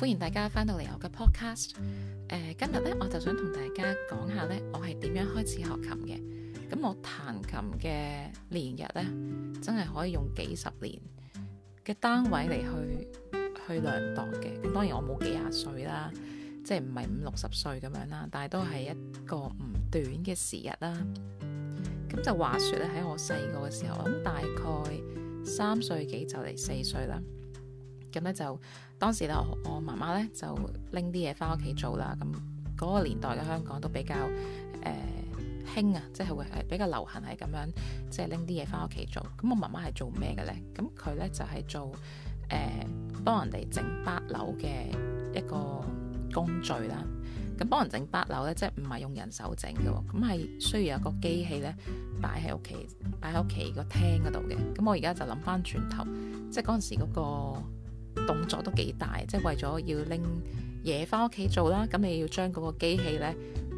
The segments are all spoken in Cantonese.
歡迎大家翻到嚟我嘅 podcast。誒、呃，今日咧，我就想同大家講下咧，我係點樣開始學琴嘅。咁我彈琴嘅年日咧，真係可以用幾十年嘅單位嚟去去量度嘅。咁當然我冇幾廿歲啦，即係唔係五六十歲咁樣啦，但係都係一個唔短嘅時日啦。咁就話說咧，喺我細個嘅時候，咁大概三歲幾就嚟四歲啦。咁咧就當時咧，我媽媽咧就拎啲嘢翻屋企做啦。咁嗰個年代嘅香港都比較誒興啊，即係會係比較流行係咁樣，即係拎啲嘢翻屋企做。咁我媽媽係做咩嘅咧？咁佢咧就係、是、做誒幫、呃、人哋整八樓嘅一個工序啦。咁幫人整八樓咧，即係唔係用人手整嘅，咁係需要有個機器咧擺喺屋企，擺喺屋企個廳嗰度嘅。咁我而家就諗翻轉頭，即係嗰陣時嗰、那個。動作都幾大，即係為咗要拎嘢翻屋企做啦，咁你要將嗰個機器咧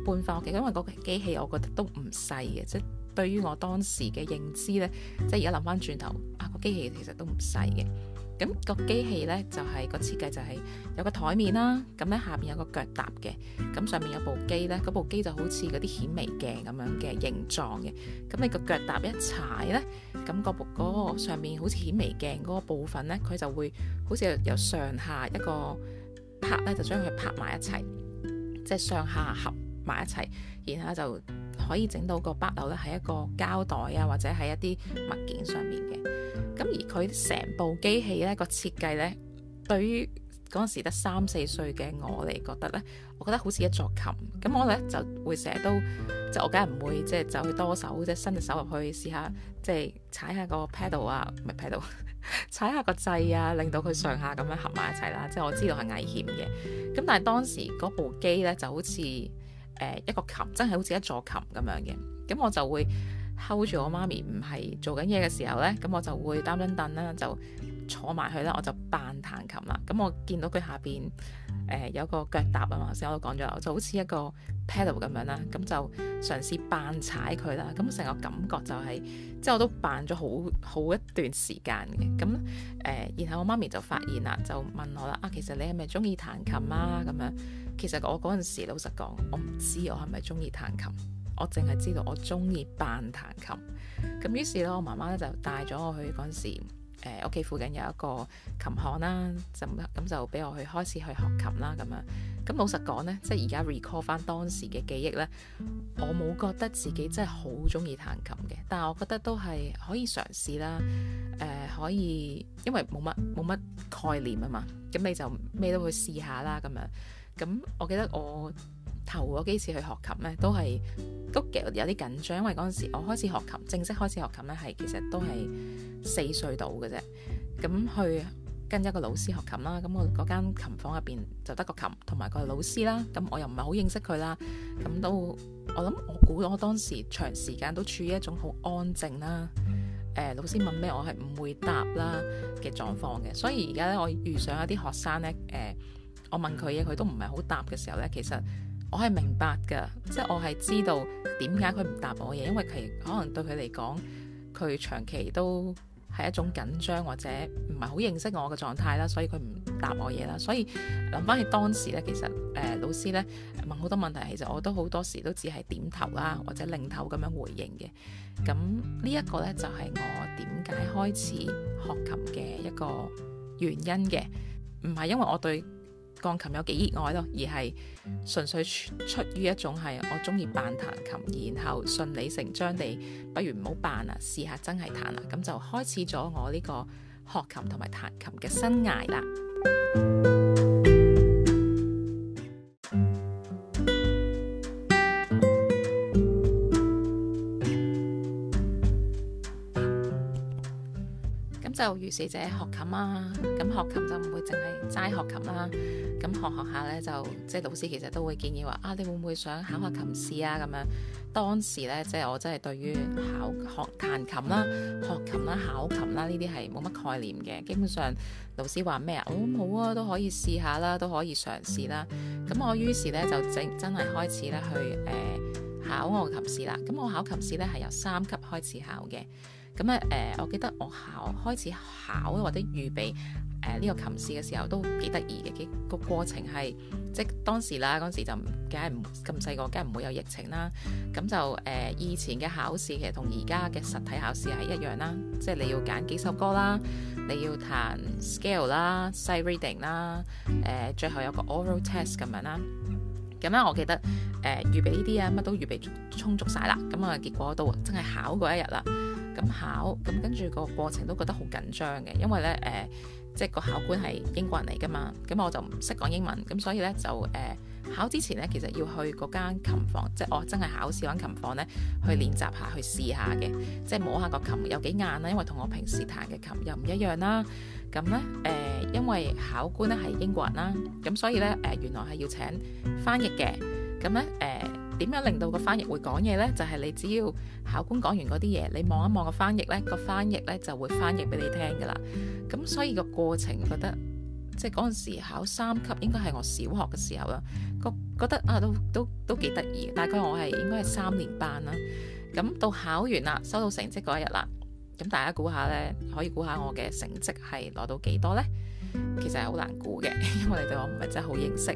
搬翻屋企，因為嗰個機器我覺得都唔細嘅，即係對於我當時嘅認知咧，即係而家諗翻轉頭，啊個機器其實都唔細嘅。咁個機器呢，就係、是嗰個設計就係、是、有個台面啦，咁呢下邊有個腳踏嘅，咁上面有部機呢，嗰部機就好似嗰啲顯微鏡咁樣嘅形狀嘅，咁你個腳踏一踩呢，咁、嗰個部嗰個上面好似顯微鏡嗰個部分呢，佢就會好似有上下一個拍呢，就將佢拍埋一齊，即、就、係、是、上下合埋一齊，然後就可以整到個筆頭呢，喺一個膠袋啊，或者喺一啲物件上面嘅。咁而佢成部機器咧，個設計咧，對於嗰陣時得三四歲嘅我嚟覺得咧，我覺得好似一座琴。咁我咧就會成日都我就我梗係唔會即係走去多手即啫，伸隻手入去試下，即係踩下個 pedal 啊，唔係 pedal， 踩下個掣啊，令到佢上下咁樣合埋一齊啦。即係我知道係危險嘅，咁但係當時嗰部機咧就好似誒、呃、一個琴，真係好似一座琴咁樣嘅。咁我就會。Hold 住我媽咪唔係做緊嘢嘅時候呢，咁我就會擔張凳啦，就坐埋去啦，我就扮彈琴啦。咁我見到佢下邊誒、呃、有個腳踏啊嘛，頭先我都講咗我就好似一個 pedal 咁樣啦，咁就嘗試扮踩佢啦。咁成個感覺就係、是，即係我都扮咗好好一段時間嘅。咁誒、呃，然後我媽咪就發現啦，就問我啦啊，其實你係咪中意彈琴啊？咁樣其實我嗰陣時老實講，我唔知我係咪中意彈琴。我淨係知道我中意扮彈琴，咁於是咧，我媽媽咧就帶咗我去嗰陣時，呃、屋企附近有一個琴行啦，就咁就俾我去開始去學琴啦，咁樣。咁老實講呢，即係而家 recall 翻當時嘅記憶呢，我冇覺得自己真係好中意彈琴嘅，但係我覺得都係可以嘗試啦。誒、呃，可以因為冇乜冇乜概念啊嘛，咁你就咩都會試下啦，咁樣。咁我記得我，頭嗰幾次去學琴呢，都係都幾有啲緊張，因為嗰陣時我開始學琴，正式開始學琴呢，係其實都係四歲到嘅啫。咁去跟一個老師學琴啦，咁我嗰間琴房入邊就得個琴同埋個老師啦。咁我又唔係好認識佢啦。咁都我諗我估到我當時長時間都處於一種好安靜啦。誒、呃，老師問咩我係唔會答啦嘅狀況嘅。所以而家呢，我遇上一啲學生呢，誒、呃，我問佢嘢佢都唔係好答嘅時候呢，其實。我係明白㗎，即係我係知道點解佢唔答我嘢，因為其可能對佢嚟講，佢長期都係一種緊張或者唔係好認識我嘅狀態啦，所以佢唔答我嘢啦。所以諗返起當時咧，其實誒、呃、老師咧問好多問題，其實我都好多時都只係點頭啦，或者擰頭咁樣回應嘅。咁呢一個咧就係、是、我點解開始學琴嘅一個原因嘅，唔係因為我對。鋼琴有幾熱愛咯，而係純粹出於一種係我鍾意扮彈琴，然後順理成章地，不如唔好扮啦，試下真係彈啦，咁就開始咗我呢個學琴同埋彈琴嘅生涯啦。就如是者學琴啊，咁學琴就唔會淨係齋學琴啦、啊。咁學一學一下呢，就即、是、係老師其實都會建議話：啊，你會唔會想考下琴試啊？咁樣當時呢，即、就、係、是、我真係對於考學彈琴啦、學琴啦、考琴啦呢啲係冇乜概念嘅。基本上老師話咩、哦、啊，好啊都可以試下啦，都可以嘗試啦。咁我於是呢，就整真係開始呢去誒、呃、考我琴試啦。咁我考琴試呢，係由三級開始考嘅。咁咧，誒、呃，我記得我考開始考或者預備誒呢、呃這個琴試嘅時候都幾得意嘅，幾個過程係即當時啦，嗰時就唔，梗係唔咁細個，梗係唔會有疫情啦。咁就誒、呃、以前嘅考試其實同而家嘅實體考試係一樣啦，即係你要揀幾首歌啦，你要彈 scale 啦，sight reading 啦，誒、呃、最後有個 oral test 咁樣啦。咁咧，我記得誒、呃、預備呢啲啊，乜都預備都充足晒啦。咁啊，結果都真係考嗰一日啦。考咁跟住個過程都覺得好緊張嘅，因為呢，誒、呃，即係個考官係英國人嚟噶嘛，咁我就唔識講英文，咁所以呢，就誒、呃、考之前呢，其實要去嗰間琴房，即係我真係考試嗰間琴房呢，去練習下，去試下嘅，即係摸下個琴有幾硬啦，因為同我平時彈嘅琴又唔一樣啦。咁呢，誒、呃，因為考官呢係英國人啦，咁所以呢，誒、呃、原來係要請翻譯嘅，咁呢。誒、呃。點樣令到個翻譯會講嘢呢？就係你只要考官講完嗰啲嘢，你望一望個翻譯呢，個翻譯呢就會翻譯畀你聽㗎喇。咁所以個過程覺得，即係嗰陣時考三級應該係我小學嘅時候啦。覺覺得啊，都都都幾得意。大概我係應該係三年班啦。咁到考完啦，收到成績嗰一日啦，咁大家估下呢，可以估下我嘅成績係攞到幾多呢？其實係好難估嘅，因為你對我唔係真係好認識。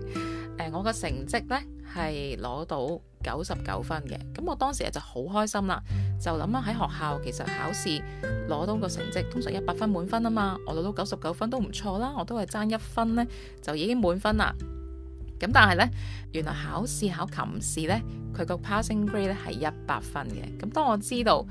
誒，我嘅成績呢，係攞到九十九分嘅，咁我當時就好開心啦，就諗啦，喺學校其實考試攞到個成績，通常一百分滿分啊嘛，我攞到九十九分都唔錯啦，我都係爭一分呢，就已經滿分啦。咁但係呢，原來考試考琴試呢，佢個 passing grade 咧係一百分嘅。咁當我知道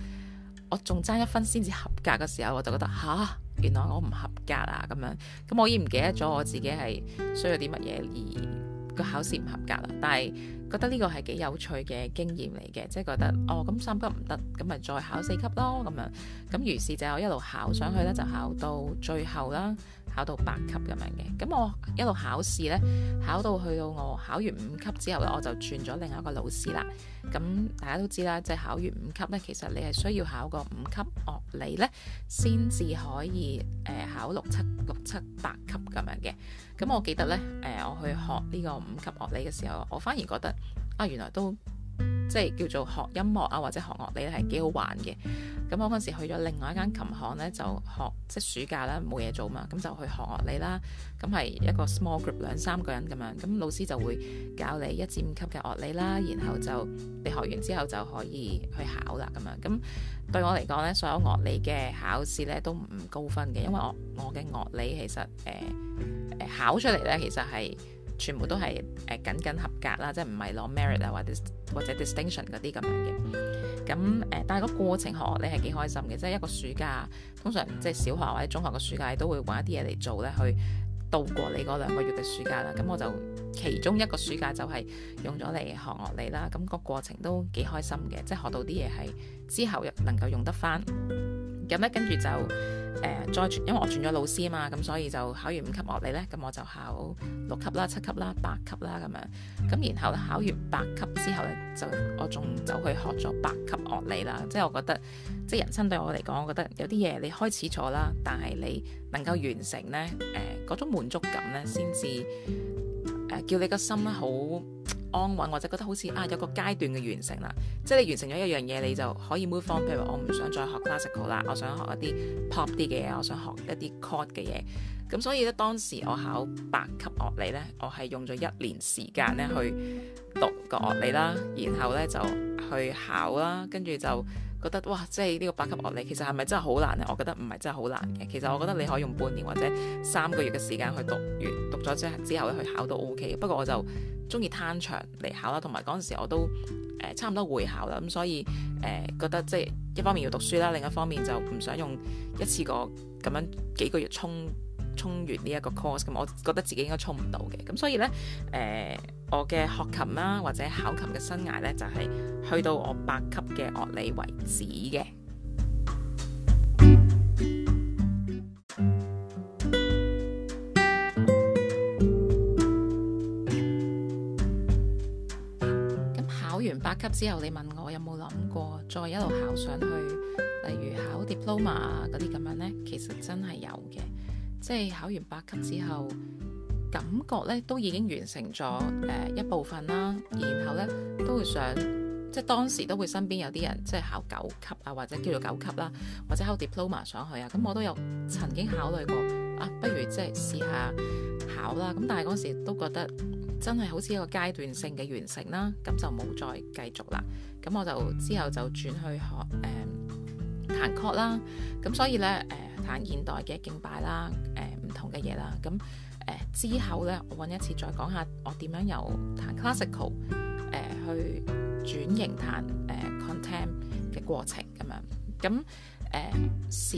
我仲爭一分先至合格嘅時候，我就覺得吓，原來我唔合格啊咁樣。咁我已經唔記得咗我自己係需要啲乜嘢而。個考試唔合格啦，但係，覺得呢個係幾有趣嘅經驗嚟嘅，即係覺得哦，咁三級唔得，咁咪再考四級咯，咁樣，咁於是就我一路考上去咧，就考到最後啦，考到八級咁樣嘅。咁我一路考試呢，考到去到我考完五級之後咧，我就轉咗另一個老師啦。咁大家都知啦，即係考完五級呢，其實你係需要考個五級樂理呢，先至可以誒、呃、考六七六七八級咁樣嘅。咁我記得呢，誒、呃、我去學呢個五級樂理嘅時候，我反而覺得。啊，原來都即係叫做學音樂啊，或者學樂理係幾好玩嘅。咁我嗰陣時去咗另外一間琴行呢，就學即暑假啦，冇嘢做嘛，咁就去學樂理啦。咁係一個 small group 兩三個人咁樣，咁老師就會教你一至五級嘅樂理啦。然後就你學完之後就可以去考啦咁樣。咁對我嚟講呢，所有樂理嘅考試呢都唔高分嘅，因為我我嘅樂理其實誒、呃、考出嚟呢，其實係。全部都係誒，僅、呃、僅合格啦，即係唔係攞 Merit 啊，或者或者 Distinction 嗰啲咁樣嘅。咁誒、呃，但係個過程學樂理係幾開心嘅，即係一個暑假，通常即係小學或者中學個暑假都會搵一啲嘢嚟做咧，去度過你嗰兩個月嘅暑假啦。咁我就其中一個暑假就係用咗嚟學落嚟啦。咁、個過程都幾開心嘅，即係學到啲嘢係之後能夠用得翻。咁咧，跟住就誒、呃、再轉，因為我轉咗老師啊嘛，咁所以就考完五級樂理咧，咁我就考六級啦、七級啦、八級啦咁樣。咁然後咧，考完八級之後咧，就我仲走去學咗八級樂理啦。即係我覺得，即係人生對我嚟講，我覺得有啲嘢你開始咗啦，但係你能夠完成咧，誒、呃、嗰種滿足感咧，先至誒叫你個心咧好。安穩，我就覺得好似啊有個階段嘅完成啦，即係你完成咗一樣嘢，你就可以 move on。譬如我唔想再學 classical 啦，我想學一啲 pop 啲嘅嘢，我想學一啲 core 嘅嘢。咁所以咧，當時我考八級樂理咧，我係用咗一年時間咧去讀個樂理啦，然後咧就去考啦，跟住就。覺得哇，即係呢個八級樂理其實係咪真係好難咧？我覺得唔係真係好難嘅。其實我覺得你可以用半年或者三個月嘅時間去讀完，讀咗之後之後去考都 OK。不過我就中意攤長嚟考啦，同埋嗰陣時我都、呃、差唔多會考啦，咁、嗯、所以誒、呃、覺得即係一方面要讀書啦，另一方面就唔想用一次過咁樣幾個月衝。衝完呢一個 course，咁我覺得自己應該衝唔到嘅，咁所以呢，誒、呃，我嘅學琴啦或者考琴嘅生涯呢，就係、是、去到我八級嘅樂理為止嘅。咁考完八級之後，你問我有冇諗過再一路考上去，例如考 Diploma 啊嗰啲咁樣呢？其實真係有嘅。即係考完八級之後，感覺呢都已經完成咗誒、呃、一部分啦。然後呢都會想，即係當時都會身邊有啲人即係考九級啊，或者叫做九級啦，或者考 diploma 上去啊。咁我都有曾經考慮過，啊不如即係試下考啦。咁但係嗰時都覺得真係好似一個階段性嘅完成啦，咁就冇再繼續啦。咁我就之後就轉去學誒。呃彈曲啦，咁所以咧誒彈現代嘅敬拜啦，誒、呃、唔同嘅嘢啦，咁誒、呃、之後咧，我揾一次再講下我點樣由彈 classical 誒、呃、去轉型彈誒、呃、contem 嘅過程咁樣。咁誒、呃、時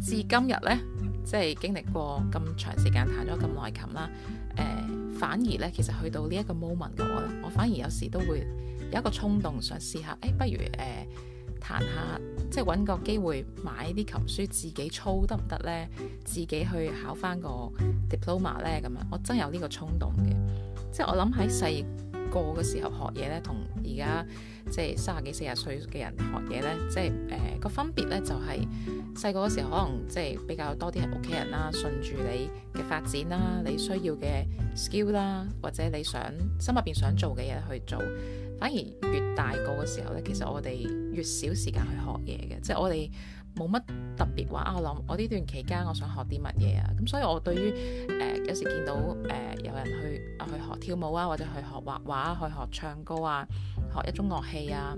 至今日咧，即係經歷過咁長時間彈咗咁耐琴啦，誒、呃、反而咧其實去到呢一個 moment 嘅我，我反而有時都會有一個衝動想試下，誒、哎、不如誒，呃彈下即係揾個機會買啲琴書自己操得唔得呢？自己去考翻個 diploma 呢？咁樣，我真有呢個衝動嘅。即係我諗喺細個嘅時候學嘢呢，同而家即係三十幾四十歲嘅人學嘢呢，即係誒、呃、個分別呢，就係細個嗰時候可能即係比較多啲係屋企人啦，順住你嘅發展啦，你需要嘅 skill 啦，或者你想心入邊想做嘅嘢去做。反而越大個嘅時候咧，其實我哋越少時間去學嘢嘅，即係我哋冇乜特別話啊。我諗我呢段期間我想學啲乜嘢啊？咁所以我對於誒、呃、有時見到誒、呃、有人去、啊、去學跳舞啊，或者去學畫畫，去學唱歌啊，學一種樂器啊，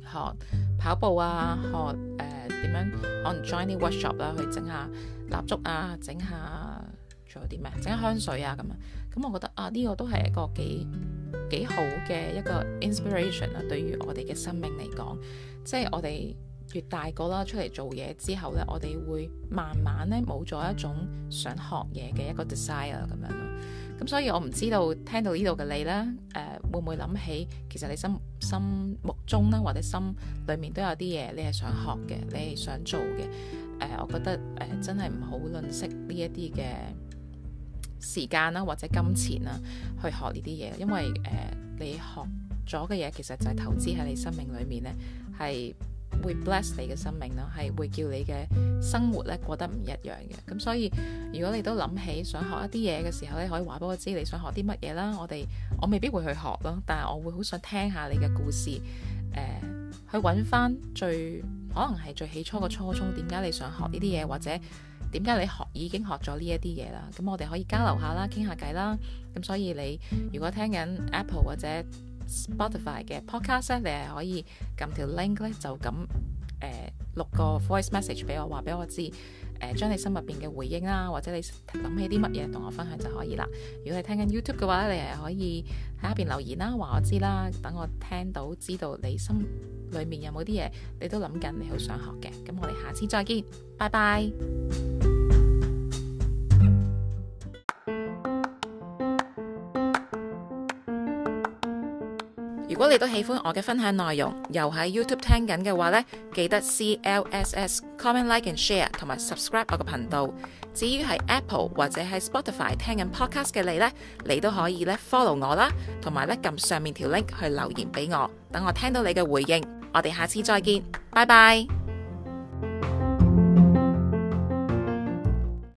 學跑步啊，學誒點、呃、樣可能 join 啲 workshop 啦、啊，去整下蠟燭啊，整下仲有啲咩？整下香水啊咁啊。咁我覺得啊，呢、呢個都係一個幾～幾好嘅一個 inspiration 啦，對於我哋嘅生命嚟講，即係我哋越大個啦，出嚟做嘢之後呢，我哋會慢慢呢冇咗一種想學嘢嘅一個 desire 咁樣咯。咁、嗯、所以我唔知道聽到呢度嘅你呢，誒、呃、會唔會諗起，其實你心心目中啦，或者心裏面都有啲嘢你係想學嘅，你係想做嘅。誒、呃，我覺得誒、呃、真係唔好吝嗇呢一啲嘅。時間啦，或者金錢啦，去學呢啲嘢，因為誒、呃、你學咗嘅嘢其實就係投資喺你生命裏面呢，係會 bless 你嘅生命啦，係會叫你嘅生活咧過得唔一樣嘅。咁所以如果你都諗起想學一啲嘢嘅時候咧，你可以話俾我知你想學啲乜嘢啦。我哋我未必會去學咯，但係我會好想聽下你嘅故事，誒、呃、去揾翻最可能係最起初嘅初衷，點解你想學呢啲嘢或者？點解你學已經學咗呢一啲嘢啦？咁我哋可以交流下啦，傾下偈啦。咁所以你如果聽緊 Apple 或者 Spotify 嘅 podcast 咧，你係可以撳條 link 咧就咁誒錄個 voice message 俾我，話俾我知誒，將、呃、你心入邊嘅回應啦，或者你諗起啲乜嘢同我分享就可以啦。如果你聽緊 YouTube 嘅話，你係可以喺下邊留言啦，話我知啦，等我聽到知道你心裡面有冇啲嘢，你都諗緊你好想學嘅。咁我哋下次再見，拜拜。如果你都喜歡我嘅分享內容，又喺 YouTube 聽緊嘅話呢，記得 CLSS comment like and share 同埋 subscribe 我嘅頻道。至於係 Apple 或者係 Spotify 聽緊 podcast 嘅你咧，你都可以咧 follow 我啦，同埋咧撳上面條 link 去留言俾我，等我聽到你嘅回應。我哋下次再見，拜拜。